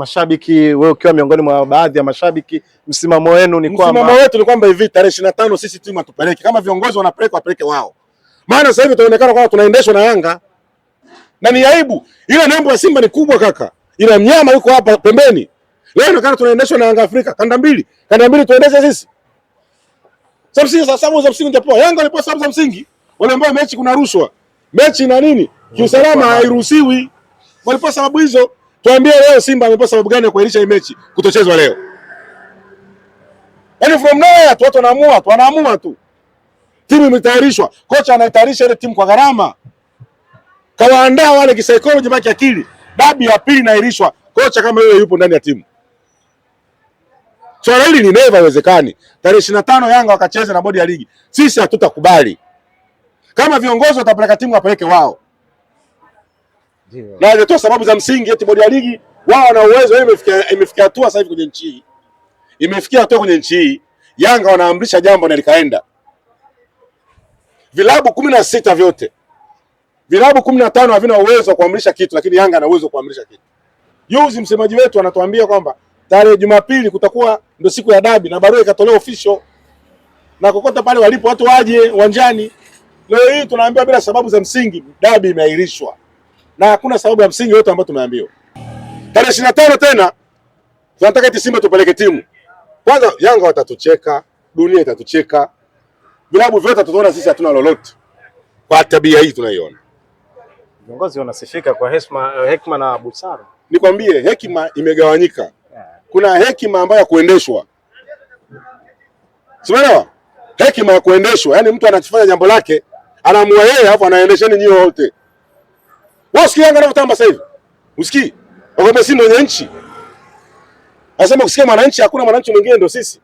mashabiki, wewe ukiwa miongoni mwa baadhi ya mashabiki, msimamo wenu ni kwamba, msimamo wetu ni kwamba hivi tarehe 25 sisi timu hatupeleke, kama viongozi wanapeleka wapeleke wao, maana sasa hivi tunaonekana kwamba tunaendeshwa na Yanga na ni aibu. Ile nembo ya Simba ni kubwa kaka, ila mnyama yuko hapa pembeni. Leo ndio kana tunaendeshwa na Yanga Afrika kanda mbili, kanda mbili tuendeshe sisi. Sababu sisi sababu za msingi ndipo Yanga ilipo sababu za msingi waliambiwa mechi kuna rushwa, mechi na nini kiusalama hairuhusiwi, walipo sababu hizo. Tuambie leo Simba amepata sababu gani ya kuahirisha hii mechi kutochezwa leo? Yaani from nowhere tu watu wanaamua tu wanaamua tu. Timu imetayarishwa, kocha anaitayarisha ile timu kwa gharama. Kawaandaa wale kisaikolojia baki akili. Dabi ya pili inaahirishwa, kocha kama yule yupo ndani ya timu. Swala hili ni never wezekani. Tarehe 25 Yanga wakacheza na bodi ya ligi. Sisi hatutakubali. Kama viongozi watapeleka timu wapeleke wao na ametoa sababu za msingi, eti bodi ya ligi wao wana uwezo. Imefikia imefikia hatua sasa hivi kwenye nchi hii, imefikia hatua kwenye nchi hii, Yanga wanaamrisha jambo na likaenda. Vilabu kumi na sita vyote vilabu kumi na tano havina uwezo wa kuamrisha kitu, lakini Yanga ana uwezo wa kuamrisha kitu. Juzi msemaji wetu anatuambia kwamba tarehe Jumapili kutakuwa ndio siku ya dabi, na barua ikatolewa official na kokota pale walipo watu waje uwanjani. Leo hii tunaambiwa bila sababu za msingi dabi imeahirishwa na hakuna sababu ya msingi yote ambayo tumeambiwa. Tarehe ishirini na tano tena tunataka eti Simba tupeleke timu. Kwanza Yanga watatucheka, dunia itatucheka, vilabu vyote tutaona sisi hatuna lolote kwa tabia hii tunaiona. Viongozi wanasifika kwa heshima, eh, hekima na busara. Nikwambie hekima imegawanyika, kuna hekima ambayo ya kuendeshwa, sielewa hekima ya kuendeshwa, yaani mtu anafanya jambo lake anaamua yeye, alafu anaendesheni nyie wote wao sikii Yanga wanavyotamba sasa hivi. Usikii? Wakwambia sisi ndio wenye nchi. Anasema kusikia mwananchi, hakuna mwananchi mwingine ndio sisi.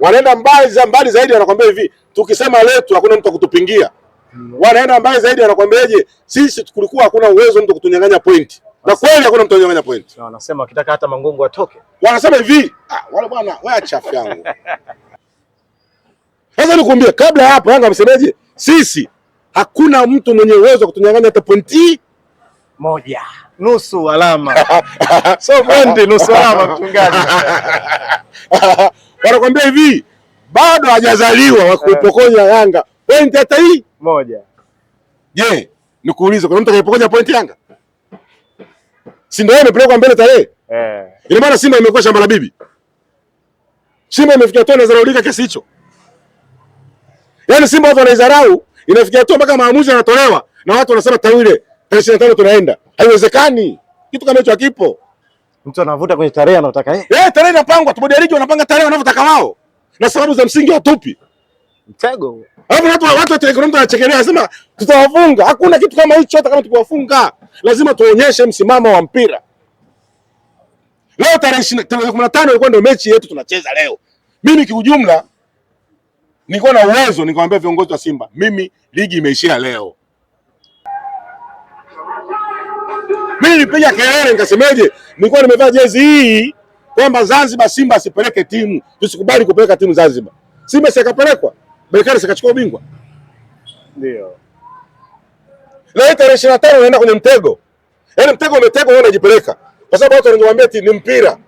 Wanaenda mbali za mbali zaidi wanakwambia hivi, tukisema letu hakuna mtu akutupingia. Hmm. Wanaenda mbali zaidi wanakwambiaje, sisi kulikuwa hakuna uwezo mtu kutunyang'anya point. Na kweli hakuna mtu anyang'anya point. Na wanasema kitaka hata Mangungu atoke. Wanasema hivi, ah, wale bwana, wewe acha afya yangu. Sasa nikuambia kabla hapo Yanga msemeje? Sisi hakuna mtu mwenye uwezo wa kutunyang'anya hata pointi moja nusu alama so mwende nusu alama mchungaji. Wanakwambia hivi bado hajazaliwa wakupokonya Yanga pointi hata hii moja. Je, nikuulize kuna mtu atakayepokonya pointi Yanga? Simba yeye amepelekwa mbele tarehe eh. Ina maana Simba imekuwa shamba la bibi. Simba imefikia hatua inazaraulika kiasi hicho. Yaani Simba watu wanaizarau, inafikia hatua mpaka maamuzi yanatolewa na watu wanasema tawile ishirini na tano tunaenda, haiwezekani kitu kama hicho hakipo. Mtu anavuta kwenye tarehe anataka eh, eh, tarehe inapangwa tu, bodi ya ligi wanapanga tarehe wanavyotaka wao, na sababu za msingi watupi mtego. Alafu watu watu wa Telegram wanachekelea, wanasema tutawafunga. Hakuna kitu kama hicho, hata kama tukiwafunga lazima tuonyeshe msimamo wa mpira. Leo tarehe 25 ilikuwa ndio mechi yetu tunacheza leo. Mimi kiujumla nilikuwa na uwezo nikamwambia viongozi wa Simba, mimi ligi imeishia leo Mimi nilipiga kelele nikasemeje? Nilikuwa nimevaa jezi hii kwamba Zanzibar Simba asipeleke timu. Tusikubali kupeleka timu Zanzibar. Simba sikapelekwa. Berkane sikachukua ubingwa. Ndio. Leo tarehe 25 unaenda kwenye mtego. Yaani mtego umetegwa wewe unajipeleka. Kwa sababu watu wananiambia eti ni mpira.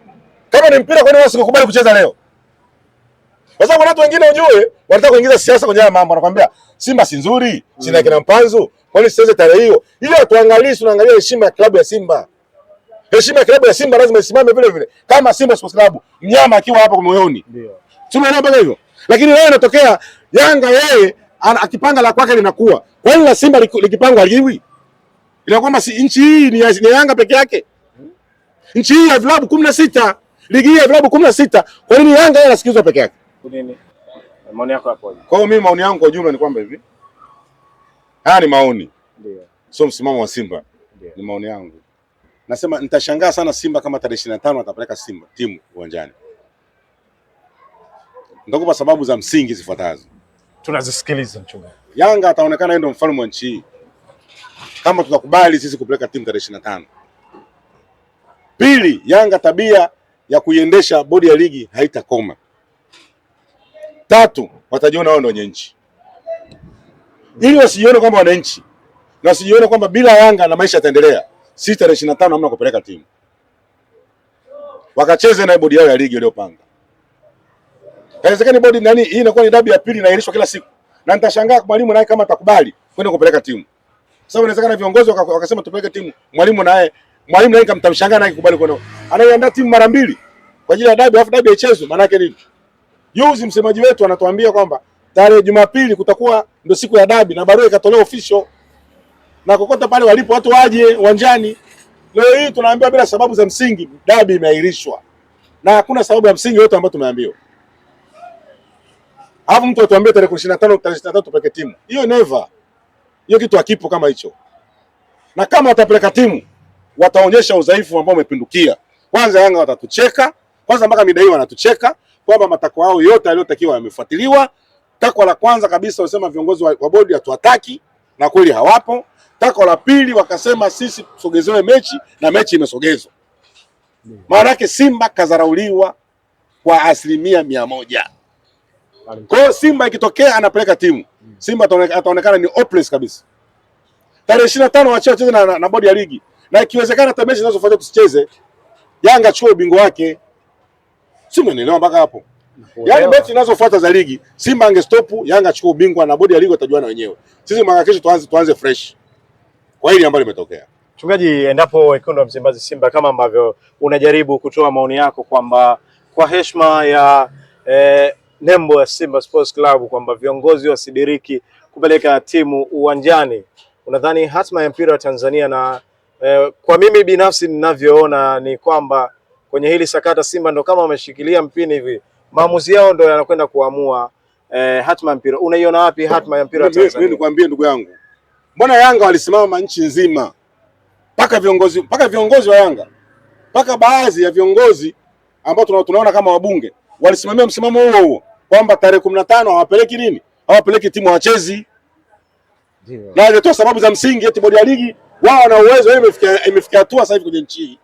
Kama ni mpira kwa nini usikubali kucheza leo? Kwa sababu watu wengine ujue wanataka kuingiza siasa kwenye haya mambo, wanakuambia Simba si nzuri, sina mm. kina Mpanzu, Kwani siweze tarehe hiyo ile? Tuangalie, tunaangalia heshima ya klabu ya Simba. Heshima ya klabu ya Simba lazima isimame vile vile, kama Simba Sports Club, mnyama akiwa hapa kwa moyoni, ndio tunaona mpaka hivyo. Lakini leo inatokea Yanga, yeye akipanga la kwake linakuwa, kwani la Simba likipangwa liwi, ila kwamba si nchi hii ni ya Yanga peke yake, nchi hii ya vilabu 16, ligi ya vilabu 16, Kwa nini Yanga yeye anasikizwa peke yake? Kwa nini? Maoni yako hapo. Kwa hiyo mimi maoni yangu kwa jumla ni kwamba hivi Haya ni maoni, sio msimamo wa Simba. Ndiyo. Ni maoni yangu, nasema nitashangaa sana Simba kama tarehe ishirini na tano atapeleka Simba timu uwanjani. Nitakupa sababu za msingi zifuatazo, tunazisikiliza mchungaji. Yanga ataonekana ndio mfalme wa nchi hii kama tutakubali sisi kupeleka timu tarehe ishirini na tano. Pili, Yanga tabia ya kuiendesha bodi ya ligi haitakoma. Tatu, watajiona wao ndio wenye nchi ili wasijione kwamba wananchi na wasijione kwamba bila Yanga na maisha yataendelea. Sisi tarehe ishirini na tano hamna kupeleka timu, wakacheze na bodi yao ya ligi iliyopanga. Haiwezekani bodi nani hii inakuwa ni dabi ya pili inaahirishwa kila siku, na nitashangaa mwalimu naye kama atakubali kwenda kupeleka timu, sababu inawezekana viongozi wakasema tupeleke timu, mwalimu naye mwalimu naye kamtamshangaa naye kukubali kwenda, anaiandaa timu mara mbili kwa ajili ya dabi, alafu dabi haichezwi, maana yake nini? Juzi msemaji wetu anatuambia kwamba tarehe Jumapili kutakuwa ndio siku ya dabi na barua ikatolewa official na kokota pale walipo watu waje uwanjani. Leo hii tunaambiwa bila sababu za msingi dabi imeahirishwa, na hakuna sababu ya msingi yote ambayo tumeambiwa. Hapo mtu atuambie tarehe 25 tarehe 23 peke timu hiyo, never hiyo kitu hakipo kama hicho, na kama watapeleka timu wataonyesha udhaifu ambao umepindukia. Kwanza Yanga watatucheka kwanza, mpaka midai wanatucheka kwamba matakwa yao yote aliyotakiwa yamefuatiliwa. Takwa la kwanza kabisa wasema viongozi wa, wa bodi hatuwataki na kweli hawapo. Takwa la pili wakasema sisi tusogezewe mechi na mechi imesogezwa. Maana yake Simba kazarauliwa kwa asilimia mia moja. Kwa hiyo Simba ikitokea anapeleka timu Simba ataonekana ni hopeless kabisa. Tarehe ishirini na tano wachia wacheze na, na, na bodi ya ligi na ikiwezekana hata mechi zinazofuata tusicheze. Yanga chukue ubingwa wake. Simenielewa mpaka hapo. Yaani mechi zinazofuata za ligi Simba angestop, Yanga achukue ubingwa na bodi ya ligi watajuana wenyewe. Sisi mwaka kesho tuanze tuanze fresh. Kwa hili ambalo limetokea. Mchungaji, endapo wekundu wa Msimbazi Simba kama ambavyo unajaribu kutoa maoni yako kwamba kwa heshima ya eh, nembo ya Simba Sports Club kwamba viongozi wasidiriki kupeleka timu uwanjani, unadhani hatma ya mpira wa Tanzania na eh, kwa mimi binafsi ninavyoona ni kwamba kwenye hili sakata Simba ndo kama wameshikilia mpini hivi maamuzi yao ndio yanakwenda kuamua eh, hatma ya mpira. Unaiona wapi hatma ya mpira Tanzania? Mimi nikwambie ndugu yangu, mbona Yanga walisimama nchi nzima mpaka viongozi mpaka viongozi wa Yanga mpaka baadhi ya viongozi ambao tunaona kama wabunge walisimamia msimamo huo huo kwamba tarehe kumi na tano hawapeleki nini, hawapeleki timu wachezi, na alitoa sababu za msingi eti bodi ya ligi wao wana uwezo. Imefikia imefikia hatua sasa hivi kwenye nchi hii,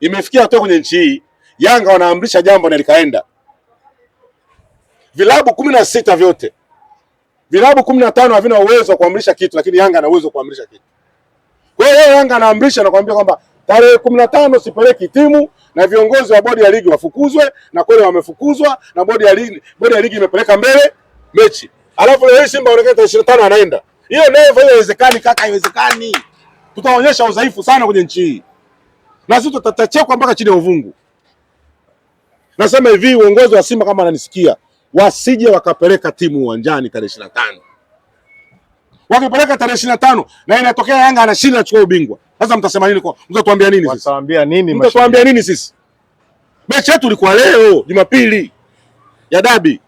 imefikia hatua kwenye nchi hii Yanga wanaamrisha jambo na likaenda Vilabu kumi na sita vyote, vilabu kumi na tano havina uwezo wa kuamrisha kitu, lakini Yanga ana uwezo wa kuamrisha kitu. Kwa hiyo yeye Yanga anaamrisha na kuambia kwamba tarehe kumi na tano sipeleki timu na viongozi wa bodi ya ligi wafukuzwe, na kweli wamefukuzwa na bodi ya ligi, bodi ya ligi imepeleka mbele mechi, alafu leo hii Simba anaonekana tarehe ishirini na tano anaenda. Hiyo never, haiwezekani kaka, haiwezekani. Tutaonyesha udhaifu sana kwenye nchi hii na sisi tutatachekwa mpaka chini ya uvungu. Nasema hivi, uongozi wa Simba kama ananisikia wasije wakapeleka timu uwanjani tarehe ishirini na tano wakipeleka tarehe ishirini na tano na inatokea Yanga anashinda anachukua ubingwa, sasa mtasema nini? Mtatuambia nini? sisi? Mtatuambia nini? Mtatuambia nini sisi? Mechi yetu ilikuwa leo Jumapili ya dabi,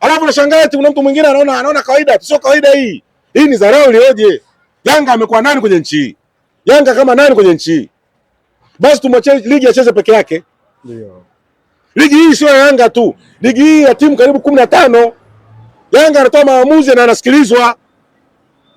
alafu nashangaa eti kuna mtu mwingine anaona anaona kawaida. Sio kawaida hii, hii ni dharau ilioje! Yanga amekuwa nani kwenye nchi hii? Yanga kama nani kwenye nchi hii? Basi tumwache ligi acheze peke yake, ndio Ligi hii sio Yanga tu, ligi hii ya timu karibu kumi na tano. Yanga anatoa maamuzi na anasikilizwa.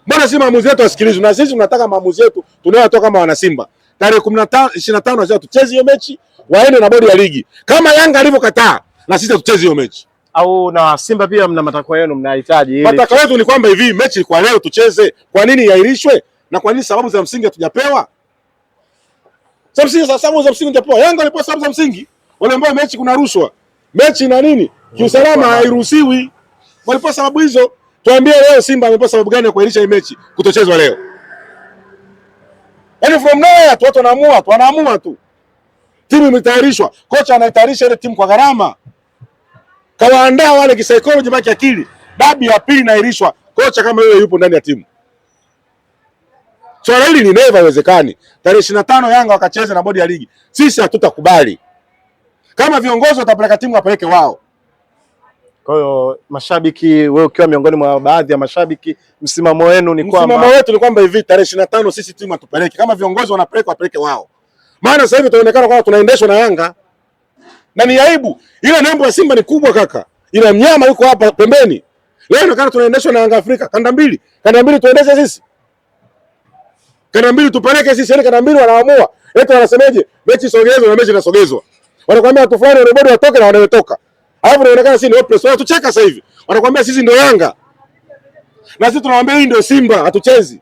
Mbona si maamuzi yetu asikilizwe? Na sisi tunataka maamuzi yetu tunayotoa kama wanasimba tarehe kumi na tano ishirini na tano tucheze hiyo mechi, waende na bodi ya ligi kama Yanga alivyokataa, na sisi tucheze hiyo mechi. Au na Simba pia mna matakwa yenu, mnahitaji. ili Matakwa yetu ni kwamba hivi mechi kwa leo tucheze, kwa nini iahirishwe? Na kwa nini sababu za msingi hatujapewa? Sababu za msingi hatujapewa. Yanga alipewa sababu za msingi wale mechi kuna rushwa, mechi na nini kiusalama hairuhusiwi, Walipo sababu hizo. Tuambie leo Simba amepewa sababu gani ya kuahirisha hii mechi kutochezwa leo? Yaani from nowhere tu watu wanaamua tu, wanaamua tu, timu imetayarishwa, kocha anaitayarisha ile timu kwa gharama, kawaandaa wale kisaikolojia, baki akili. Dabi ya pili inaahirishwa, kocha kama yule yupo ndani ya timu Swala hili ni neva, haiwezekani. Tarehe 25 Yanga wakacheza na bodi ya ligi, sisi hatutakubali. Kama viongozi watapeleka timu wapeleke wao. Kwa hiyo mashabiki, wewe ukiwa miongoni mwa baadhi ya mashabiki, msimamo wenu ni kwamba msimamo wetu ni kwamba hivi tarehe ishirini na tano sisi timu atupeleke, kama viongozi wanapeleka wapeleke wao, maana sasa hivi tunaonekana kwamba tunaendeshwa na Yanga na ni aibu. Ile nembo ya Simba ni kubwa kaka, ina mnyama yuko hapa pembeni. Leo inaonekana tunaendeshwa na Yanga Afrika kanda mbili, kanda mbili tuendeshe sisi, kanda mbili tupeleke sisi, yani kanda mbili wanaamua, eti wanasemeje, mechi sogezwe na mechi inasogezwa Wanakuambia watu fulani wanabodi watoke na wanayotoka. Alafu inaonekana sisi ni hopeless. Wanatucheka sasa hivi. Wanakuambia sisi ndio Yanga. Na sisi tunawaambia hii ndio Simba, hatuchezi.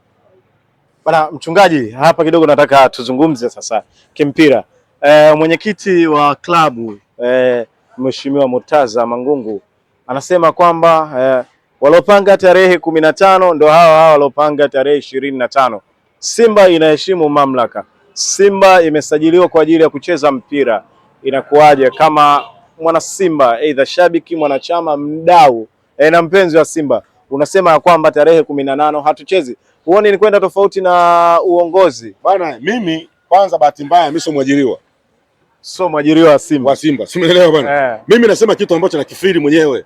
Bana mchungaji, hapa kidogo nataka tuzungumze sasa kimpira. E, mwenyekiti wa klabu e, Mheshimiwa Murtaza Mangungu anasema kwamba e, waliopanga tarehe kumi na tano ndio hawa hawa waliopanga tarehe ishirini na tano. Simba inaheshimu mamlaka. Simba imesajiliwa kwa ajili ya kucheza mpira inakuwaje kama mwana Simba, aidha shabiki, mwanachama, mdau e, na mpenzi wa Simba, unasema ya kwamba tarehe kumi na nane hatuchezi, huoni ni kwenda tofauti na uongozi bana? Mimi kwanza, bahati mbaya mimi sio mwajiriwa, sio mwajiriwa wa Simba, wa Simba, si unaelewa bana eh. Mimi nasema kitu ambacho nakifiri mwenyewe,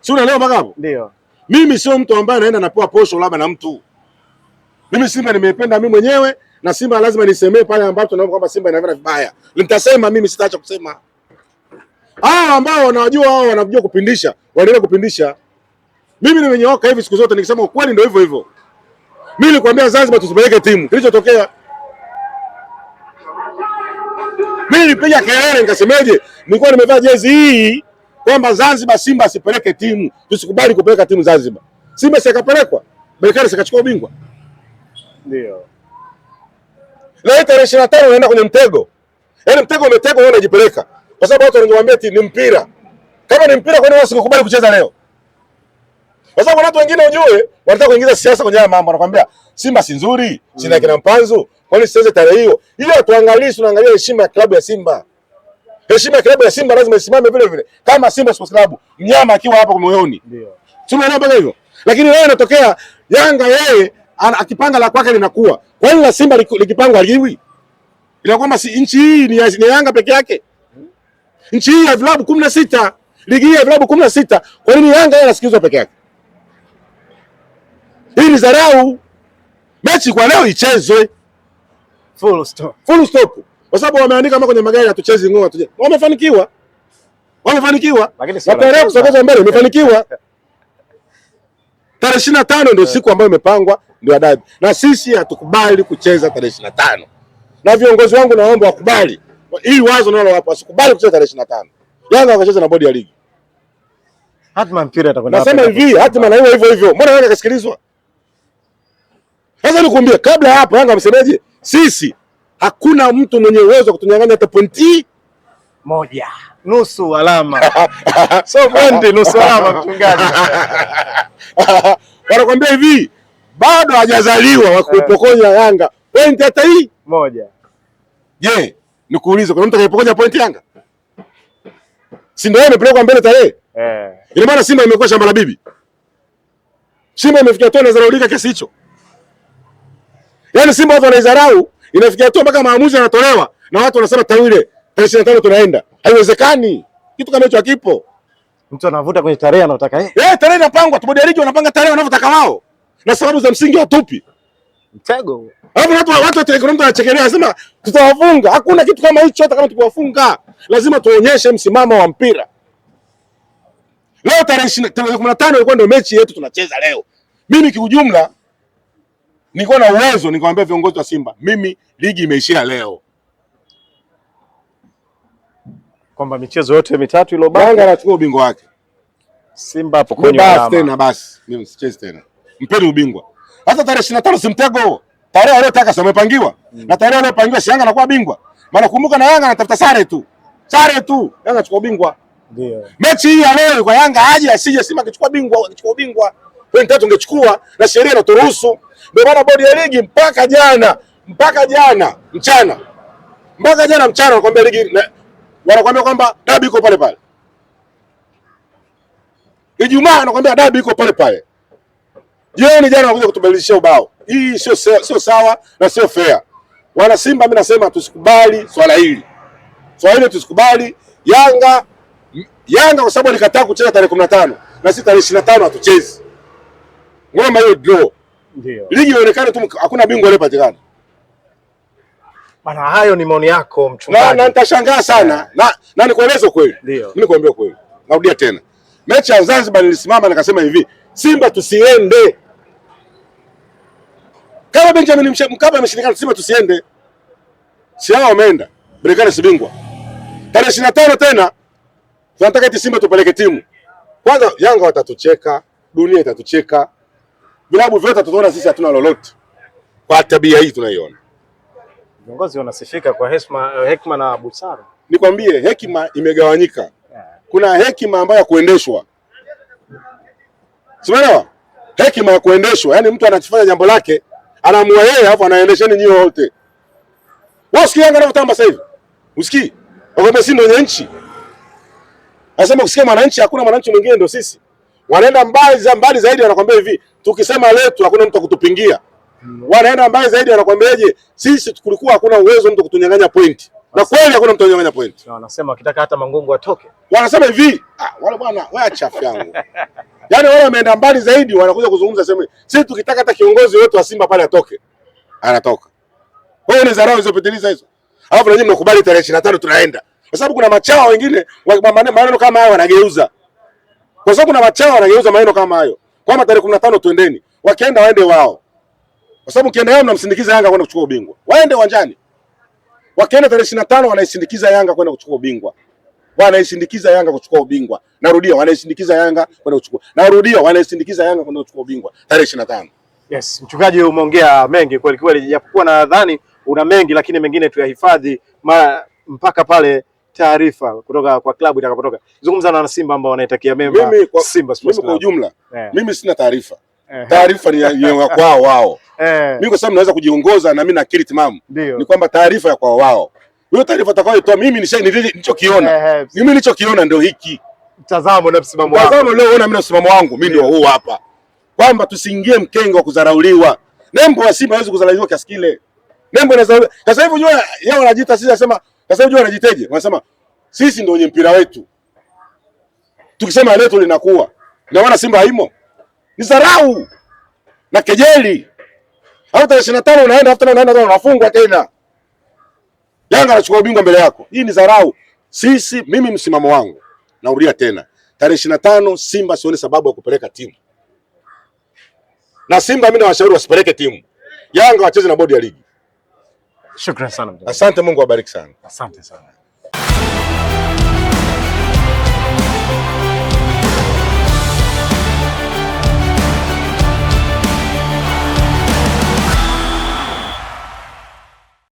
si unaelewa mpaka hapo? Ndio mimi sio mtu ambaye anaenda napoa posho labda na mtu. Mimi Simba nimeipenda mimi mwenyewe na Simba lazima nisemee pale ambapo tunaona kwamba Simba inafanya vibaya, nitasema mimi, sitaacha kusema. Hao ambao wanajua hao wanajua kupindisha, wanaendelea kupindisha. Mimi nimenyoka hivi siku zote, nikisema ukweli ndio hivyo hivyo. Mimi nilikwambia Zanzibar tusipeleke timu, kilichotokea mimi nilipiga kelele nikasemeje? Nilikuwa nimevaa jezi hii kwamba Zanzibar Simba asipeleke timu, tusikubali kupeleka timu Zanzibar. Simba sikapelekwa, Berkane sikachukua ubingwa, ndio na hii tarehe ishirini na tano unaenda kwenye mtego, yaani mtego umetegwa, wewe unajipeleka, kwa sababu watu wanakuambia ti ni mpira. Kama ni mpira, kwani wewe usikubali kucheza leo? Kwa sababu watu wengine ujue wanataka kuingiza siasa kwenye haya mambo, wanakuambia Simba si nzuri, sina kina Mpanzu, kwani sicheze tarehe hiyo hiyo. Hatuangalii, tunaangalia heshima ya klabu ya Simba. Heshima ya klabu ya Simba lazima isimame vile vile, kama Simba Sports Club, mnyama akiwa hapa kwa moyoni, ndio tunaona hivyo. Lakini leo inatokea Yanga yeye akipanga la kwake linakuwa. Kwa nini la Simba likipangwa liwi? Ila kwamba si nchi hii ni, ni Yanga peke yake. Nchi hii ya vilabu 16, ligi ya vilabu 16, kwa nini Yanga yeye anasikizwa peke yake? Hii ni dharau. Mechi kwa leo ichezwe. Full stop. Full stop. Kwa sababu wameandika kama kwenye magari hatuchezi ngoa tuje. Wamefanikiwa. Wamefanikiwa. Lakini sio. Wataendelea kusogeza mbele, wamefanikiwa. Tarehe ishirini na tano ndio eh. siku ambayo imepangwa ndio adabu, na sisi hatukubali kucheza tarehe ishirini na tano na viongozi wangu naomba wakubali hii wazo, nalo wapo wasikubali kucheza tarehe ishirini na tano Yanga wakacheza na bodi ya ligi. Hatima mpira atakwenda nasema hivi, hatima na hiyo hivyo hivyo, mbona Yanga kasikilizwa? Sasa nikuambie, kabla ya hapo Yanga msemeje? Sisi hakuna mtu mwenye uwezo wa kutunyang'anya hata pointi moja nusu alama so mwende nusu alama mchungaji. Wanakwambia hivi bado hajazaliwa wa kuipokonya Yanga pointi hata hii moja. Je, nikuulize kuna mtu atakayepokonya pointi Yanga? Si ndio imepelekwa mbele tarehe eh? Ina maana Simba imekuwa shamba la bibi. Simba imefikia hatua inazaraulika kiasi hicho? Yaani Simba watu wanaizarau, inafikia hatua mpaka maamuzi yanatolewa na watu wanasema tawile tarehe ishirini na tano tunaenda. Haiwezekani, kitu kama hicho hakipo. Mtu anavuta kwenye tarehe anataka yeye. eh, tarehe inapangwa tu, bodi ya ligi wanapanga tarehe wanavyotaka wao, na sababu za msingi watupi mtego. Hapo watu watu wa Telegram wanachekelea, wanasema tutawafunga. Hakuna kitu kama hicho, hata kama tukiwafunga lazima tuonyeshe msimamo wa mpira. Leo tarehe kumi ilikuwa ndio mechi yetu tunacheza leo. Mimi kiujumla nilikuwa na uwezo nikamwambia viongozi wa Simba, mimi ligi imeishia leo. kwamba michezo yote mitatu iliyobaki Yanga anachukua ubingwa wake. Simba hapo kwenye basi Tena basi, mimi msicheze tena. Mpeni ubingwa. Hata tarehe 25 si mtego. Tarehe aliyotaka si amepangiwa. Mm. Na tarehe aliyopangiwa si Yanga anakuwa bingwa. Maana kumbuka na Yanga anatafuta sare tu. Sare tu. Yanga anachukua ubingwa. Ndio. Mechi hii ya leo kwa Yanga aje asije Simba akichukua bingwa, akichukua ubingwa. Pointi tatu ungechukua na sheria inaturuhusu. Ndio maana bodi ya ligi mpaka jana, mpaka jana mchana. Mpaka jana mchana nakwambia ligi na, wanakuambia kwamba dabi iko pale pale. Ijumaa anakuambia dabi iko pale pale. Jioni jana anakuja kutubadilishia ubao. Hii sio sio sawa na sio fair. Wana Simba, mimi nasema tusikubali swala hili, swala hili tusikubali. Yanga Yanga kwa sababu alikataa kucheza tarehe kumi na tano na sisi tarehe 25 tano hatuchezi. Ngoma hiyo draw, ndio ligi ionekane tu, hakuna bingwa aliyepatikana. Bana, hayo ni maoni yako mchungaji. Na nitashangaa sana yeah. Na, na nikueleze kweli, nikuambia kweli, narudia tena, mechi ya Zanzibar nilisimama nikasema hivi, Simba tusiende kama Benjamin Mkapa ameshindikana, Simba tusiende. Si hao wameenda Berkane, si bingwa. Tarehe ishirini na tano tena tunataka eti Simba tupeleke timu kwanza. Yanga watatucheka, dunia itatucheka, vilabu vyote tutaona sisi hatuna lolote kwa tabia hii tunaiona. Viongozi wanasifika kwa hesma, eh, hekima na busara. Nikwambie hekima imegawanyika, kuna hekima ambayo ya kuendeshwa, simeelewa? Hekima ya kuendeshwa, yaani mtu anachofanya jambo lake anamua yeye, alafu anaendesheni nyie wote. Wewe usikii Yanga anavyotamba sasa hivi, usikii wakwambia si ndio wenye nchi, anasema usikie mwananchi, hakuna mwananchi mwingine, ndio sisi. Wanaenda mbali za mbali zaidi, wanakwambia hivi, tukisema letu hakuna mtu akutupingia wanaenda mbali zaidi, wanakwambiaje, sisi kulikuwa hakuna uwezo mtu kutunyang'anya point, na kweli hakuna mtu anyang'anya point. Na Wanasema wakitaka hata Mangungu atoke, wanasema hivi ah, wale bwana wewe chafu yangu yaani wale wameenda mbali zaidi, wanakuja kuzungumza sema sisi tukitaka hata kiongozi wetu wa Simba pale atoke, anatoka. Kwa hiyo ni dharau zilizopitiliza hizo, alafu nanyi mnakubali tarehe 25 tunaenda, kwa sababu kuna machawa wengine maneno kama hayo wanageuza, kwa sababu kuna machawa wanageuza maneno kama hayo kwamba tarehe 15 na tuendeni, wakienda waende wao kwa sababu ukienda Yanga mnamsindikiza Yanga kwenda kuchukua ubingwa. Waende uwanjani, wakienda tarehe ishirini na tano wanaisindikiza Yanga kwenda kuchukua ubingwa, wanaisindikiza Yanga kuchukua ubingwa. Narudia, wanaisindikiza Yanga kwenda kuchukua, narudia, wanaisindikiza Yanga kwenda kuchukua ubingwa tarehe ishirini na tano. Yes, mchungaji, umeongea mengi kweli kweli, japokuwa nadhani una mengi, lakini mengine tuyahifadhi mpaka pale taarifa kutoka kwa klabu itakapotoka. Zungumza na Simba ambao wanaitakia mema Simba Sports Club. Mimi kwa ujumla, yeah. Mimi sina taarifa, eh. taarifa ni ya kwao wao eh. Mimi kwa sababu naweza kujiongoza na mimi na akili timamu ni kwamba taarifa ya kwa wao hiyo taarifa atakayoitoa mimi ni nilichokiona eh, eh, mimi nilichokiona ndio hiki mtazamo na msimamo wangu, mtazamo leo unaona mimi na msimamo wangu mimi ndio huu hapa, kwamba tusiingie mkenge wa kudharauliwa. Nembo ya Simba haiwezi kudharauliwa kiasi kile, nembo inaweza Sasa hivi unajua yao wanajiita sisi, nasema sasa hivi wanajiteje? Wanasema sisi ndio wenye mpira wetu, tukisema leo linakuwa Na wana Simba haimo. Ni dharau na kejeli au tarehe 25 unaenda hata unaenda afu unafungwa tena. Yanga anachukua ubingwa mbele yako. Hii ni dharau. Sisi, mimi msimamo wangu naurudia tena, tarehe 25 Simba sione sababu ya kupeleka timu na Simba, mimi nawashauri wasipeleke timu. Yanga wacheze na bodi ya ligi. Shukrani sana. Asante, Mungu awabariki sana. Asante sana.